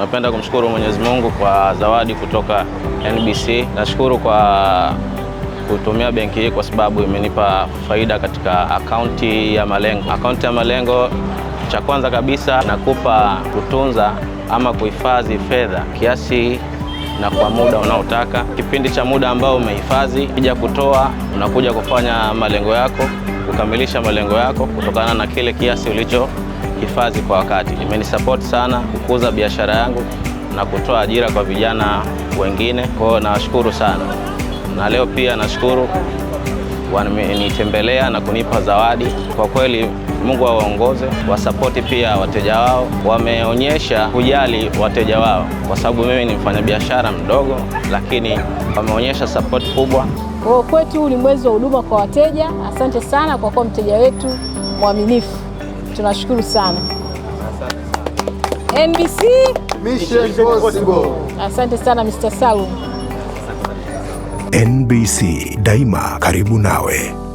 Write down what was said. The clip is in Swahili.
Napenda kumshukuru Mwenyezi Mungu kwa zawadi kutoka NBC. Nashukuru kwa kutumia benki hii kwa sababu imenipa faida katika akaunti ya malengo. Akaunti ya malengo, cha kwanza kabisa, nakupa kutunza ama kuhifadhi fedha kiasi na kwa muda unaotaka. Kipindi cha muda ambao umehifadhi, kija kutoa, unakuja kufanya malengo yako, kukamilisha malengo yako kutokana na kile kiasi ulicho hifadhi kwa wakati. Imenisupport sana kukuza biashara yangu na kutoa ajira kwa vijana wengine. Kwa hiyo nawashukuru sana, na leo pia nashukuru wamenitembelea na kunipa zawadi. Kwa kweli, Mungu awaongoze, wasapoti pia wateja wao. Wameonyesha kujali wateja wao, kwa sababu mimi ni mfanyabiashara mdogo, lakini wameonyesha sapoti kubwa. Kwetu ni mwezi wa huduma kwa wateja. Asante sana kwa kuwa mteja wetu mwaminifu tunashukuru sana NBC Mission Possible. Asante sana Mr. Salum. NBC daima karibu nawe.